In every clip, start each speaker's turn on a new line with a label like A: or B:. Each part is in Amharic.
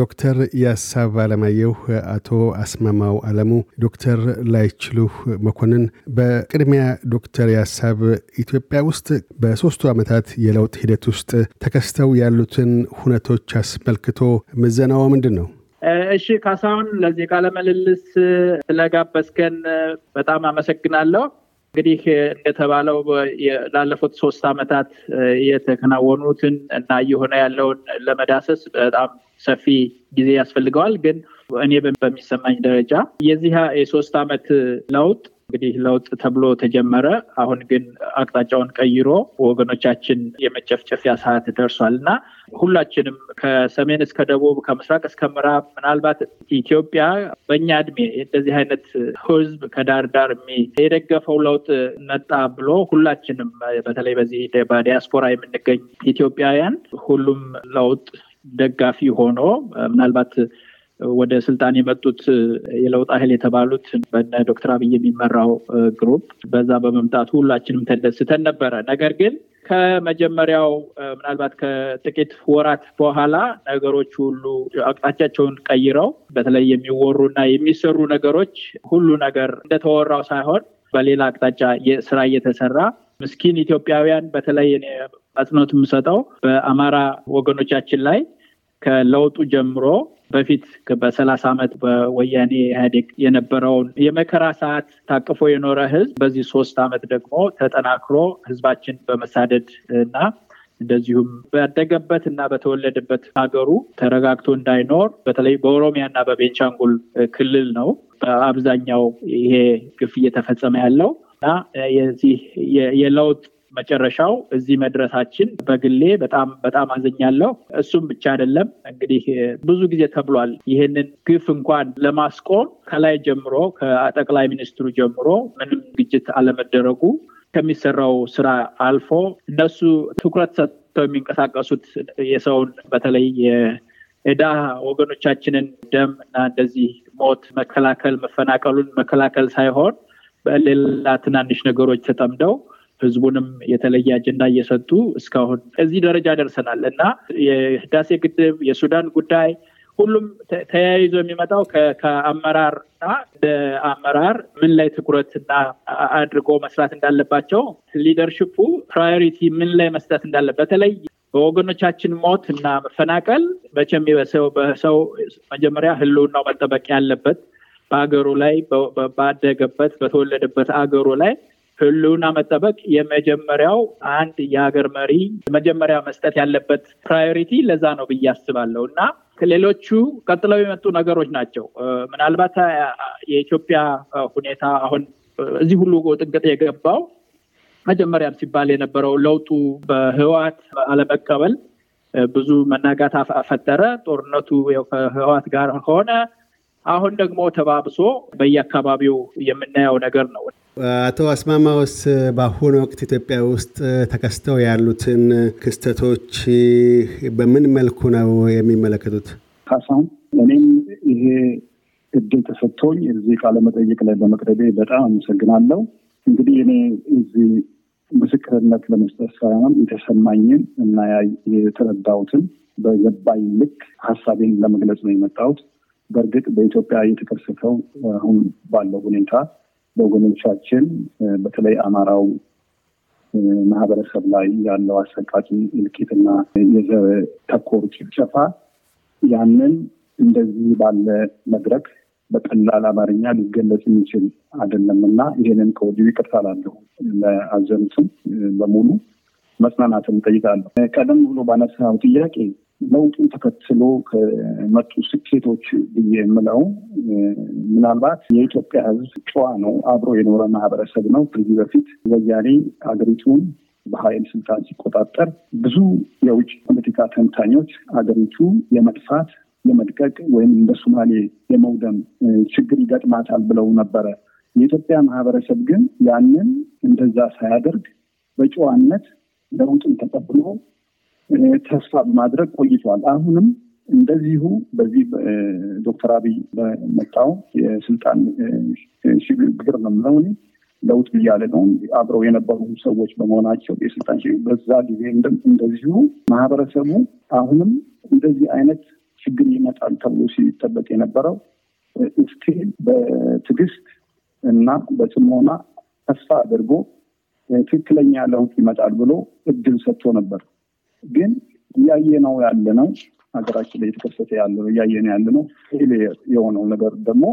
A: ዶክተር ያሳብ አለማየሁ፣ አቶ አስማማው አለሙ፣ ዶክተር ላይችሉህ መኮንን፣ በቅድሚያ ዶክተር ያሳብ ኢትዮጵያ ውስጥ በሶስቱ ዓመታት የለውጥ ሂደት ውስጥ ተከስተው ያሉትን ሁነቶች አስመልክቶ ምዘናው ምንድን ነው?
B: እሺ ካሳሁን፣ ለዚህ ቃለ ምልልስ ስለጋበዝከን በጣም አመሰግናለሁ። እንግዲህ እንደተባለው ላለፉት ሶስት ዓመታት የተከናወኑትን እና እየሆነ ያለውን ለመዳሰስ በጣም ሰፊ ጊዜ ያስፈልገዋል። ግን እኔ በሚሰማኝ ደረጃ የዚህ የሶስት ዓመት ለውጥ እንግዲህ ለውጥ ተብሎ ተጀመረ። አሁን ግን አቅጣጫውን ቀይሮ ወገኖቻችን የመጨፍጨፊያ ሰዓት ደርሷል እና ሁላችንም ከሰሜን እስከ ደቡብ፣ ከምስራቅ እስከ ምዕራብ ምናልባት ኢትዮጵያ በእኛ እድሜ እንደዚህ አይነት ህዝብ ከዳር ዳር የደገፈው ለውጥ መጣ ብሎ ሁላችንም በተለይ በዚህ በዲያስፖራ የምንገኝ ኢትዮጵያውያን ሁሉም ለውጥ ደጋፊ ሆኖ ምናልባት ወደ ስልጣን የመጡት የለውጥ ኃይል የተባሉት በነ ዶክተር አብይ የሚመራው ግሩፕ በዛ በመምጣቱ ሁላችንም ተደስተን ነበረ። ነገር ግን ከመጀመሪያው ምናልባት ከጥቂት ወራት በኋላ ነገሮች ሁሉ አቅጣጫቸውን ቀይረው በተለይ የሚወሩ እና የሚሰሩ ነገሮች ሁሉ ነገር እንደተወራው ሳይሆን በሌላ አቅጣጫ ስራ እየተሰራ ምስኪን ኢትዮጵያውያን በተለይ እኔ የምሰጠው በአማራ ወገኖቻችን ላይ ከለውጡ ጀምሮ በፊት በሰላሳ ዓመት በወያኔ ኢህአዴግ የነበረውን የመከራ ሰዓት ታቅፎ የኖረ ህዝብ በዚህ ሶስት ዓመት ደግሞ ተጠናክሮ ህዝባችን በመሳደድ እና እንደዚሁም ባደገበት እና በተወለደበት ሀገሩ ተረጋግቶ እንዳይኖር በተለይ በኦሮሚያ እና በቤንቻንጉል ክልል ነው በአብዛኛው ይሄ ግፍ እየተፈጸመ ያለው እና የዚህ የለውጥ መጨረሻው እዚህ መድረሳችን በግሌ በጣም በጣም አዘኛለሁ። እሱም ብቻ አይደለም እንግዲህ ብዙ ጊዜ ተብሏል። ይህንን ግፍ እንኳን ለማስቆም ከላይ ጀምሮ ከጠቅላይ ሚኒስትሩ ጀምሮ ምንም ዝግጅት አለመደረጉ ከሚሰራው ስራ አልፎ እነሱ ትኩረት ሰጥተው የሚንቀሳቀሱት የሰውን በተለይ የዳ ወገኖቻችንን ደም እና እንደዚህ ሞት መከላከል መፈናቀሉን መከላከል ሳይሆን በሌላ ትናንሽ ነገሮች ተጠምደው ህዝቡንም የተለየ አጀንዳ እየሰጡ እስካሁን እዚህ ደረጃ ደርሰናል እና የህዳሴ ግድብ የሱዳን ጉዳይ ሁሉም ተያይዞ የሚመጣው ከአመራር እና እንደ አመራር ምን ላይ ትኩረትና አድርጎ መስራት እንዳለባቸው ሊደርሽፑ ፕራዮሪቲ ምን ላይ መስጠት እንዳለበት በተለይ በወገኖቻችን ሞት እና መፈናቀል መቼም በሰው መጀመሪያ ህልውናው መጠበቅ ያለበት በሀገሩ ላይ ባደገበት በተወለደበት አገሩ ላይ ህልውና መጠበቅ የመጀመሪያው አንድ የሀገር መሪ መጀመሪያ መስጠት ያለበት ፕራዮሪቲ ለዛ ነው ብዬ አስባለሁ እና ሌሎቹ ቀጥለው የመጡ ነገሮች ናቸው። ምናልባት የኢትዮጵያ ሁኔታ አሁን እዚህ ሁሉ ጥንቅጥ የገባው መጀመሪያም ሲባል የነበረው ለውጡ በህዋት አለመቀበል ብዙ መናጋት ፈጠረ። ጦርነቱ ከህዋት ጋር ከሆነ። አሁን ደግሞ ተባብሶ በየአካባቢው የምናየው ነገር ነው።
A: አቶ አስማማውስ በአሁኑ ወቅት ኢትዮጵያ ውስጥ ተከስተው ያሉትን ክስተቶች በምን መልኩ ነው የሚመለከቱት? ካሳሁን፣
C: እኔም ይሄ እድል ተሰጥቶኝ እዚህ ቃለመጠይቅ ላይ በመቅረቤ በጣም አመሰግናለሁ። እንግዲህ እኔ እዚህ ምስክርነት ለመስጠት ሳይሆን የተሰማኝን እና የተረዳሁትን በገባኝ ልክ ሀሳቤን ለመግለጽ ነው የመጣሁት። በእርግጥ በኢትዮጵያ የተከሰተው አሁን ባለው ሁኔታ በወገኖቻችን በተለይ አማራው ማህበረሰብ ላይ ያለው አሰቃቂ እልቂትና የዘር ተኮር ጭፍጨፋ ያንን እንደዚህ ባለ መድረክ በቀላል አማርኛ ሊገለጽ የሚችል አይደለም እና ይህንን ከወዲሁ ይቅርታ ላለሁ ለአዘኑትም በሙሉ መጽናናትን ጠይቃለሁ። ቀደም ብሎ ባነሳው ጥያቄ ለውጡን ተከትሎ ከመጡ ስኬቶች ብዬ የምለው ምናልባት የኢትዮጵያ ሕዝብ ጨዋ ነው፣ አብሮ የኖረ ማህበረሰብ ነው። ከዚህ በፊት ወያኔ አገሪቱን በኃይል ስልጣን ሲቆጣጠር ብዙ የውጭ ፖለቲካ ተንታኞች አገሪቱ የመጥፋት የመድቀቅ ወይም እንደ ሶማሌ የመውደም ችግር ይገጥማታል ብለው ነበረ። የኢትዮጵያ ማህበረሰብ ግን ያንን እንደዛ ሳያደርግ በጨዋነት ለውጥን ተቀብሎ ተስፋ በማድረግ ቆይቷል። አሁንም እንደዚሁ በዚህ ዶክተር አብይ በመጣው የስልጣን ሽግግር ነው ምለው ለውጥ እያለ ነው አብረው የነበሩ ሰዎች በመሆናቸው የስልጣን በዛ ጊዜ እንደዚሁ ማህበረሰቡ አሁንም እንደዚህ አይነት ችግር ይመጣል ተብሎ ሲጠበቅ የነበረው እስኪ በትዕግስት እና በጽሞና ተስፋ አድርጎ ትክክለኛ ለውጥ ይመጣል ብሎ እድል ሰጥቶ ነበር። ግን እያየ ነው ያለ ነው ሀገራችን ላይ የተከሰተ ያለ ነው እያየ ነው ያለ ነው የሆነው ነገር ደግሞ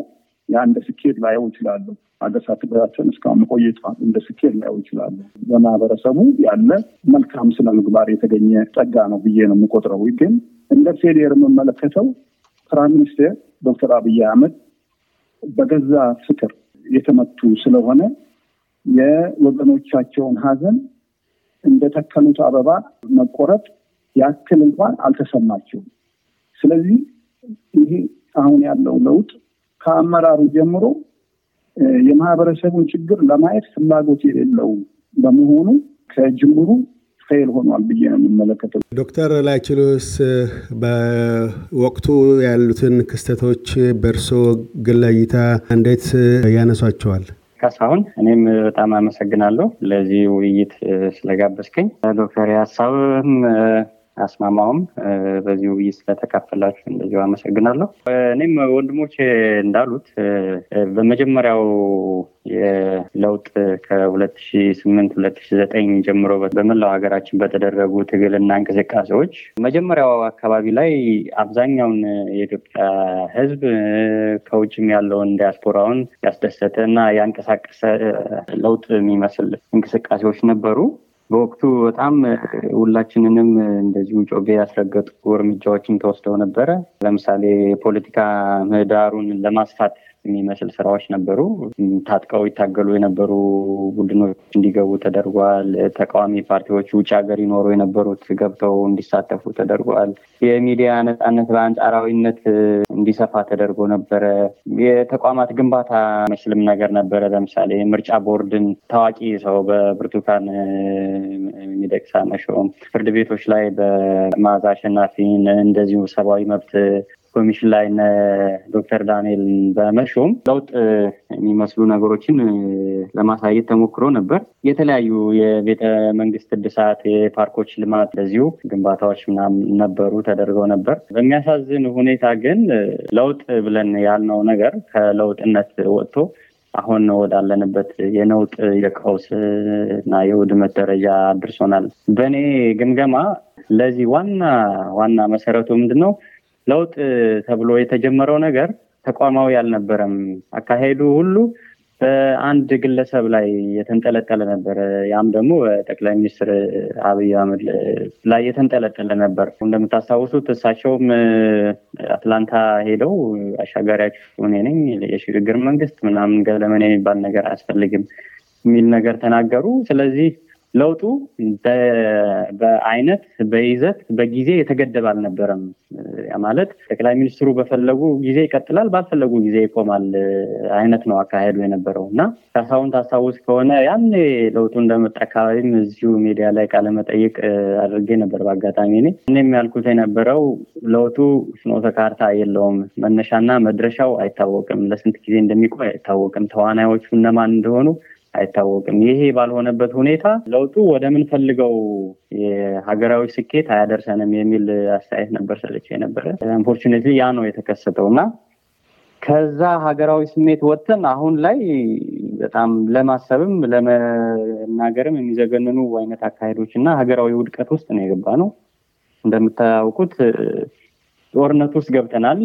C: ያ ስኬት ላየው ይችላሉ። ሀገር ሳትበታተን እስካሁን መቆየቷ እንደ ስኬት ላየው ይችላሉ። በማህበረሰቡ ያለ መልካም ስነ ምግባር የተገኘ ጸጋ ነው ብዬ ነው የምቆጥረው። ግን እንደ ፌሊየር የምመለከተው ፕራይም ሚኒስቴር ዶክተር አብይ አህመድ በገዛ ፍቅር የተመቱ ስለሆነ የወገኖቻቸውን ሀዘን እንደተከሉት አበባ መቆረጥ ያክል እንኳን አልተሰማቸውም። ስለዚህ ይሄ አሁን ያለው ለውጥ ከአመራሩ ጀምሮ የማህበረሰቡን ችግር ለማየት ፍላጎት የሌለው በመሆኑ ከጅምሩ ፌል ሆኗል ብዬ ነው የምመለከተው።
A: ዶክተር ላይችሉስ በወቅቱ ያሉትን ክስተቶች በእርሶ ግል እይታ እንዴት ያነሷቸዋል?
C: ካሳሁን
D: እኔም በጣም አመሰግናለሁ ለዚህ ውይይት ስለጋበዝከኝ። ዶክተር ያሳብም አስማማውም በዚህ ውይይት ስለተካፈላችሁ እንደዚሁ አመሰግናለሁ። እኔም ወንድሞች እንዳሉት በመጀመሪያው የለውጥ ከሁለት ሺ ስምንት ሁለት ሺ ዘጠኝ ጀምሮ በመላው ሀገራችን በተደረጉ ትግልና እንቅስቃሴዎች መጀመሪያው አካባቢ ላይ አብዛኛውን የኢትዮጵያ ሕዝብ ከውጭም ያለውን ዲያስፖራውን ያስደሰተ እና ያንቀሳቀሰ ለውጥ የሚመስል እንቅስቃሴዎች ነበሩ። በወቅቱ በጣም ሁላችንንም እንደዚሁ ጮቤ ያስረገጡ እርምጃዎችን ተወስደው ነበረ። ለምሳሌ የፖለቲካ ምህዳሩን ለማስፋት የሚመስል ስራዎች ነበሩ። ታጥቀው ይታገሉ የነበሩ ቡድኖች እንዲገቡ ተደርጓል። ተቃዋሚ ፓርቲዎች ውጭ ሀገር ይኖሩ የነበሩት ገብተው እንዲሳተፉ ተደርጓል። የሚዲያ ነፃነት በአንጻራዊነት እንዲሰፋ ተደርጎ ነበረ። የተቋማት ግንባታ መስልም ነገር ነበረ። ለምሳሌ ምርጫ ቦርድን ታዋቂ ሰው በብርቱካን የሚደቅሳ መሾም፣ ፍርድ ቤቶች ላይ በመዓዛ አሸናፊን እንደዚሁ ሰብአዊ መብት ኮሚሽን ላይ ዶክተር ዳንኤል በመሾም ለውጥ የሚመስሉ ነገሮችን ለማሳየት ተሞክሮ ነበር። የተለያዩ የቤተ መንግስት እድሳት፣ የፓርኮች ልማት፣ እንደዚሁ ግንባታዎች ምናምን ነበሩ ተደርገው ነበር። በሚያሳዝን ሁኔታ ግን ለውጥ ብለን ያልነው ነገር ከለውጥነት ወጥቶ አሁን ወዳለንበት የነውጥ የቀውስ እና የውድመት ደረጃ አድርሶናል። በእኔ ግምገማ ለዚህ ዋና ዋና መሰረቱ ምንድን ነው? ለውጥ ተብሎ የተጀመረው ነገር ተቋማዊ አልነበረም። አካሄዱ ሁሉ በአንድ ግለሰብ ላይ የተንጠለጠለ ነበር። ያም ደግሞ በጠቅላይ ሚኒስትር አብይ አህመድ ላይ የተንጠለጠለ ነበር። እንደምታስታውሱት እሳቸውም አትላንታ ሄደው አሻጋሪያችሁ እኔ ነኝ፣ የሽግግር መንግስት ምናምን ገለመን የሚባል ነገር አያስፈልግም የሚል ነገር ተናገሩ። ስለዚህ ለውጡ በአይነት በይዘት በጊዜ የተገደበ አልነበረም። ማለት ጠቅላይ ሚኒስትሩ በፈለጉ ጊዜ ይቀጥላል፣ ባልፈለጉ ጊዜ ይቆማል አይነት ነው አካሄዱ የነበረው እና ካሳሁን ታስታውስ ከሆነ ያን ለውጡ እንደመጣ አካባቢም እዚሁ ሚዲያ ላይ ቃለመጠይቅ አድርጌ ነበር በአጋጣሚ እኔ እኔም ያልኩት የነበረው ለውጡ ስኖተ ካርታ የለውም፣ መነሻና መድረሻው አይታወቅም፣ ለስንት ጊዜ እንደሚቆይ አይታወቅም፣ ተዋናዮቹ እነማን እንደሆኑ አይታወቅም። ይሄ ባልሆነበት ሁኔታ ለውጡ ወደምንፈልገው የሀገራዊ ስኬት አያደርሰንም የሚል አስተያየት ነበር ሰለች የነበረ። አንፎርቹኔትሊ ያ ነው የተከሰተው እና ከዛ ሀገራዊ ስሜት ወጥተን አሁን ላይ በጣም ለማሰብም ለመናገርም የሚዘገንኑ አይነት አካሄዶች እና ሀገራዊ ውድቀት ውስጥ ነው የገባ ነው። እንደምታውቁት ጦርነት ውስጥ ገብተናል።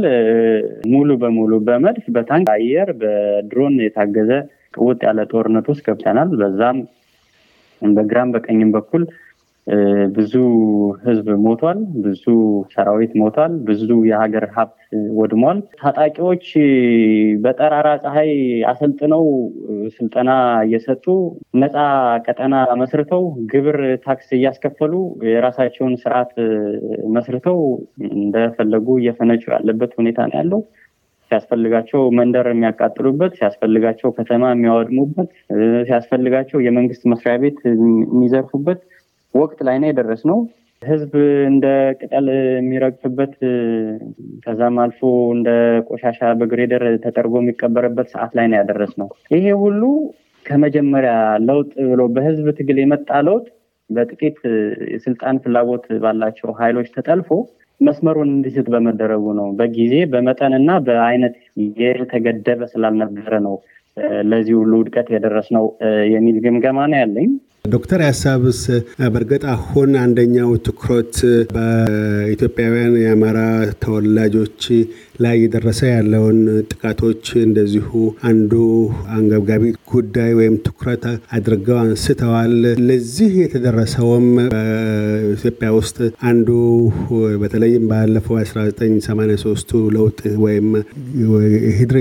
D: ሙሉ በሙሉ በመድፍ በታንክ አየር በድሮን የታገዘ ቅውጥ ያለ ጦርነት ውስጥ ገብተናል። በዛም በግራም በቀኝም በኩል ብዙ ህዝብ ሞቷል፣ ብዙ ሰራዊት ሞቷል፣ ብዙ የሀገር ሀብት ወድሟል። ታጣቂዎች በጠራራ ፀሐይ አሰልጥነው ስልጠና እየሰጡ ነፃ ቀጠና መስርተው ግብር ታክስ እያስከፈሉ የራሳቸውን ስርዓት መስርተው እንደፈለጉ እየፈነጩ ያለበት ሁኔታ ነው ያለው። ሲያስፈልጋቸው መንደር የሚያቃጥሉበት፣ ሲያስፈልጋቸው ከተማ የሚያወድሙበት፣ ሲያስፈልጋቸው የመንግስት መስሪያ ቤት የሚዘርፉበት ወቅት ላይ ነው የደረስ ነው። ህዝብ እንደ ቅጠል የሚረግፍበት ከዛም አልፎ እንደ ቆሻሻ በግሬደር ተጠርጎ የሚቀበርበት ሰዓት ላይ ነው ያደረስ ነው። ይሄ ሁሉ ከመጀመሪያ ለውጥ ብሎ በህዝብ ትግል የመጣ ለውጥ በጥቂት የስልጣን ፍላጎት ባላቸው ኃይሎች ተጠልፎ መስመሩን እንዲስት በመደረጉ ነው። በጊዜ በመጠንና በአይነት የተገደበ ስላልነበረ ነው ለዚህ ሁሉ ውድቀት የደረስ ነው የሚል ግምገማ ነው ያለኝ።
A: ዶክተር ያሳብስ በእርግጥ አሁን አንደኛው ትኩረት በኢትዮጵያውያን የአማራ ተወላጆች ላይ እየደረሰ ያለውን ጥቃቶች እንደዚሁ አንዱ አንገብጋቢ ጉዳይ ወይም ትኩረት አድርገው አንስተዋል። ለዚህ የተደረሰውም በኢትዮጵያ ውስጥ አንዱ በተለይም ባለፈው 1983ቱ ለውጥ ወይም ሂድሪ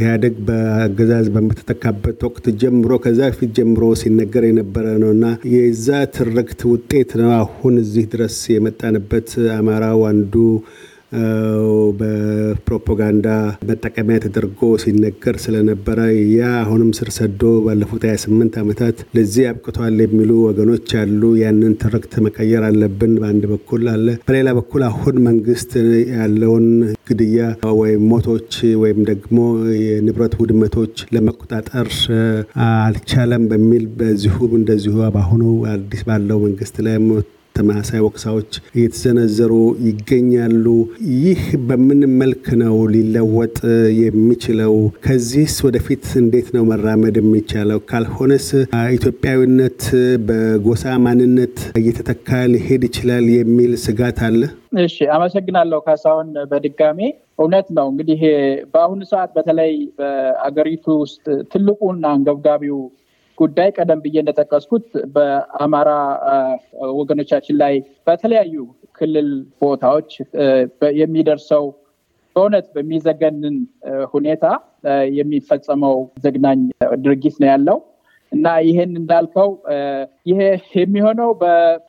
A: ኢህአዴግ በአገዛዝ በምትተካበት ወቅት ጀምሮ ከዛ ፊት ጀምሮ ሲነገር የነበረ ነው እና የዛ ትርክት ውጤት ነው አሁን እዚህ ድረስ የመጣንበት አማራው አንዱ በፕሮፓጋንዳ መጠቀሚያ ተደርጎ ሲነገር ስለነበረ ያ አሁንም ስር ሰዶ ባለፉት 28 ዓመታት ለዚህ አብቅቷል የሚሉ ወገኖች አሉ። ያንን ትርክት መቀየር አለብን በአንድ በኩል አለ። በሌላ በኩል አሁን መንግስት ያለውን ግድያ ወይም ሞቶች ወይም ደግሞ የንብረት ውድመቶች ለመቆጣጠር አልቻለም በሚል በዚሁም እንደዚሁ በአሁኑ አዲስ ባለው መንግስት ላይ ተመሳሳይ ወቅሳዎች እየተዘነዘሩ ይገኛሉ። ይህ በምን መልክ ነው ሊለወጥ የሚችለው? ከዚህስ ወደፊት እንዴት ነው መራመድ የሚቻለው? ካልሆነስ ኢትዮጵያዊነት በጎሳ ማንነት እየተተካ ሊሄድ ይችላል የሚል ስጋት አለ።
B: እሺ፣ አመሰግናለሁ ካሳሁን በድጋሜ እውነት ነው እንግዲህ በአሁኑ ሰዓት በተለይ በአገሪቱ ውስጥ ትልቁና አንገብጋቢው ጉዳይ ቀደም ብዬ እንደጠቀስኩት በአማራ ወገኖቻችን ላይ በተለያዩ ክልል ቦታዎች የሚደርሰው በእውነት በሚዘገንን ሁኔታ የሚፈጸመው ዘግናኝ ድርጊት ነው ያለው እና ይህን እንዳልከው ይሄ የሚሆነው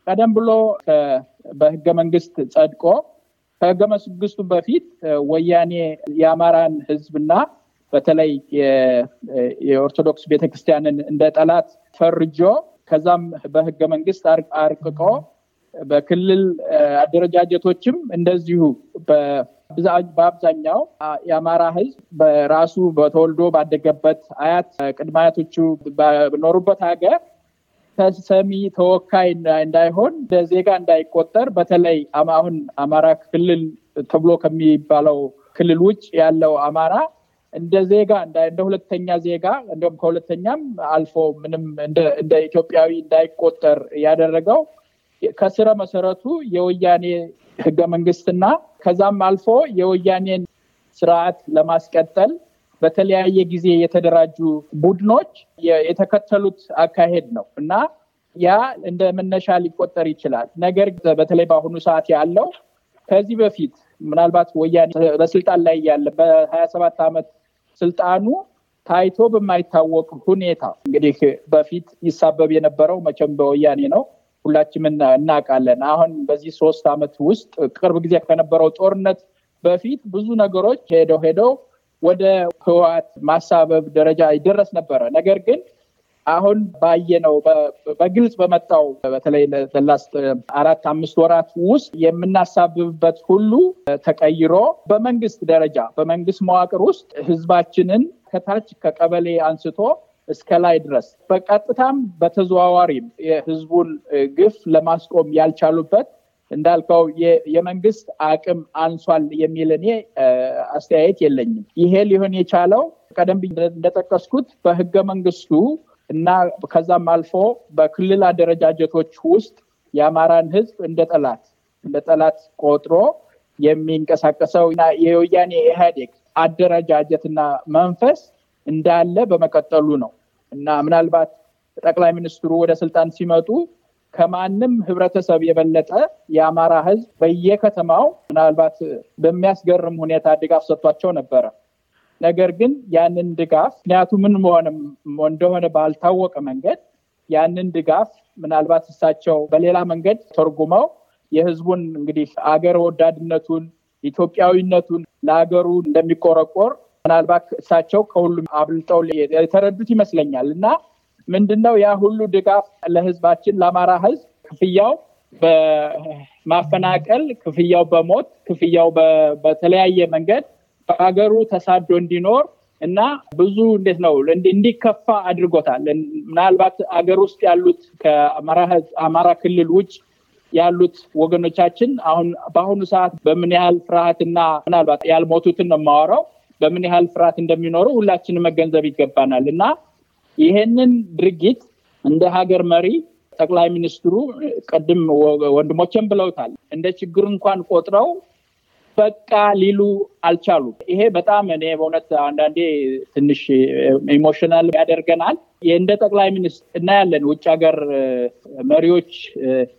B: ቀደም ብሎ በህገ መንግስት ጸድቆ ከህገ መንግስቱ በፊት ወያኔ የአማራን ህዝብና በተለይ የኦርቶዶክስ ቤተክርስቲያንን እንደ ጠላት ፈርጆ ከዛም በህገ መንግስት አርቅቆ በክልል አደረጃጀቶችም እንደዚሁ በአብዛኛው የአማራ ህዝብ በራሱ በተወልዶ ባደገበት አያት ቅድመ አያቶቹ በኖሩበት ሀገር ተሰሚ ተወካይ እንዳይሆን ዜጋ እንዳይቆጠር በተለይ አሁን አማራ ክልል ተብሎ ከሚባለው ክልል ውጭ ያለው አማራ እንደ ዜጋ እንደ ሁለተኛ ዜጋ እንዲሁም ከሁለተኛም አልፎ ምንም እንደ ኢትዮጵያዊ እንዳይቆጠር ያደረገው ከስረ መሰረቱ የወያኔ ህገ መንግስትና ከዛም አልፎ የወያኔን ስርዓት ለማስቀጠል በተለያየ ጊዜ የተደራጁ ቡድኖች የተከተሉት አካሄድ ነው እና ያ እንደ መነሻ ሊቆጠር ይችላል። ነገር በተለይ በአሁኑ ሰዓት ያለው ከዚህ በፊት ምናልባት ወያኔ በስልጣን ላይ ያለ በሀያ ሰባት ዓመት ስልጣኑ ታይቶ በማይታወቅ ሁኔታ እንግዲህ በፊት ይሳበብ የነበረው መቼም በወያኔ ነው፣ ሁላችም እናውቃለን። አሁን በዚህ ሶስት ዓመት ውስጥ ቅርብ ጊዜ ከነበረው ጦርነት በፊት ብዙ ነገሮች ሄደው ሄደው ወደ ህወሓት ማሳበብ ደረጃ ይደረስ ነበረ። ነገር ግን አሁን ባየነው በግልጽ በመጣው በተለይ ለላስት አራት አምስት ወራት ውስጥ የምናሳብብበት ሁሉ ተቀይሮ በመንግስት ደረጃ በመንግስት መዋቅር ውስጥ ህዝባችንን ከታች ከቀበሌ አንስቶ እስከ ላይ ድረስ በቀጥታም በተዘዋዋሪም የህዝቡን ግፍ ለማስቆም ያልቻሉበት እንዳልከው የመንግስት አቅም አንሷል የሚል እኔ አስተያየት የለኝም። ይሄ ሊሆን የቻለው ቀደም እንደጠቀስኩት በህገ መንግስቱ እና ከዛም አልፎ በክልል አደረጃጀቶች ውስጥ የአማራን ህዝብ እንደ ጠላት እንደ ጠላት ቆጥሮ የሚንቀሳቀሰው የወያኔ ኢህአዴግ አደረጃጀትና መንፈስ እንዳለ በመቀጠሉ ነው እና ምናልባት ጠቅላይ ሚኒስትሩ ወደ ስልጣን ሲመጡ ከማንም ህብረተሰብ የበለጠ የአማራ ህዝብ በየከተማው ምናልባት በሚያስገርም ሁኔታ ድጋፍ ሰጥቷቸው ነበረ። ነገር ግን ያንን ድጋፍ ምክንያቱ ምን መሆንም እንደሆነ ባልታወቀ መንገድ ያንን ድጋፍ ምናልባት እሳቸው በሌላ መንገድ ተርጉመው የህዝቡን እንግዲህ አገር ወዳድነቱን ኢትዮጵያዊነቱን ለሀገሩ እንደሚቆረቆር ምናልባት እሳቸው ከሁሉም አብልጠው የተረዱት ይመስለኛል እና ምንድነው ያ ሁሉ ድጋፍ ለህዝባችን ለአማራ ህዝብ ክፍያው በማፈናቀል ክፍያው በሞት ክፍያው በተለያየ መንገድ በሀገሩ ተሳዶ እንዲኖር እና ብዙ እንዴት ነው እንዲከፋ አድርጎታል። ምናልባት አገር ውስጥ ያሉት ከአማራ ክልል ውጭ ያሉት ወገኖቻችን አሁን በአሁኑ ሰዓት በምን ያህል ፍርሃትና ምናልባት ያልሞቱትን ነው የማወራው በምን ያህል ፍርሃት እንደሚኖሩ ሁላችን መገንዘብ ይገባናል እና ይሄንን ድርጊት እንደ ሀገር መሪ ጠቅላይ ሚኒስትሩ ቅድም ወንድሞቼም ብለውታል እንደ ችግር እንኳን ቆጥረው በቃ ሊሉ አልቻሉ ይሄ በጣም እኔ በእውነት አንዳንዴ ትንሽ ኢሞሽናል ያደርገናል። እንደ ጠቅላይ ሚኒስትር እናያለን ውጭ ሀገር መሪዎች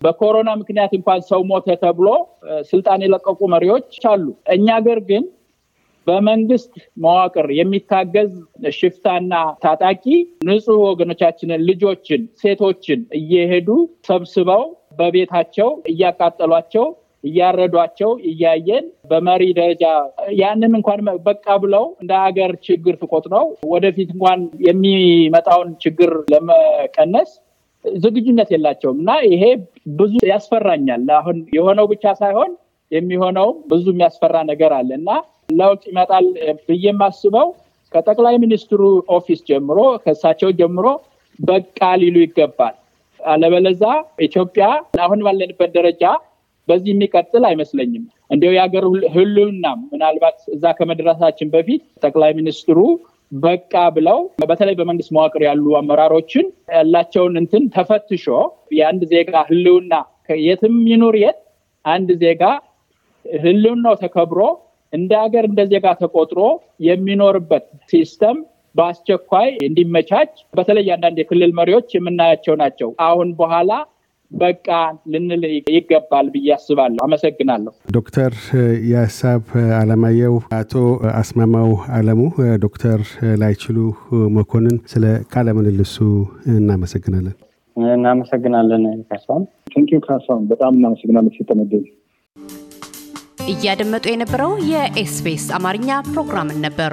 B: በኮሮና ምክንያት እንኳን ሰው ሞተ ተብሎ ስልጣን የለቀቁ መሪዎች አሉ። እኛ ሀገር ግን በመንግስት መዋቅር የሚታገዝ ሽፍታና ታጣቂ ንጹህ ወገኖቻችንን፣ ልጆችን፣ ሴቶችን እየሄዱ ሰብስበው በቤታቸው እያቃጠሏቸው እያረዷቸው እያየን በመሪ ደረጃ ያንን እንኳን በቃ ብለው እንደ ሀገር ችግር ነው ወደፊት እንኳን የሚመጣውን ችግር ለመቀነስ ዝግጁነት የላቸውም እና ይሄ ብዙ ያስፈራኛል። አሁን የሆነው ብቻ ሳይሆን የሚሆነው ብዙ የሚያስፈራ ነገር አለ እና ለውጥ ይመጣል ብዬ የማስበው ከጠቅላይ ሚኒስትሩ ኦፊስ ጀምሮ ከእሳቸው ጀምሮ በቃ ሊሉ ይገባል። አለበለዛ ኢትዮጵያ አሁን ባለንበት ደረጃ በዚህ የሚቀጥል አይመስለኝም። እንዲው የሀገር ህልውና ምናልባት እዛ ከመድረሳችን በፊት ጠቅላይ ሚኒስትሩ በቃ ብለው በተለይ በመንግስት መዋቅር ያሉ አመራሮችን ያላቸውን እንትን ተፈትሾ የአንድ ዜጋ ህልውና የትም ይኑር የት አንድ ዜጋ ህልውናው ተከብሮ እንደ ሀገር እንደ ዜጋ ተቆጥሮ የሚኖርበት ሲስተም በአስቸኳይ እንዲመቻች በተለይ አንዳንድ የክልል መሪዎች የምናያቸው ናቸው። አሁን በኋላ በቃ ልንል ይገባል ብዬ አስባለሁ። አመሰግናለሁ።
A: ዶክተር የሀሳብ አለማየሁ፣ አቶ አስማማው አለሙ፣ ዶክተር ላይችሉ መኮንን ስለ ቃለ ምልልሱ እናመሰግናለን።
D: እናመሰግናለን ካሳሁን። ቴንኪው ካሳሁን፣
C: በጣም እናመሰግናለን ሲጠመደኝ
B: እያደመጡ የነበረው የኤስቢኤስ አማርኛ ፕሮግራምን ነበር።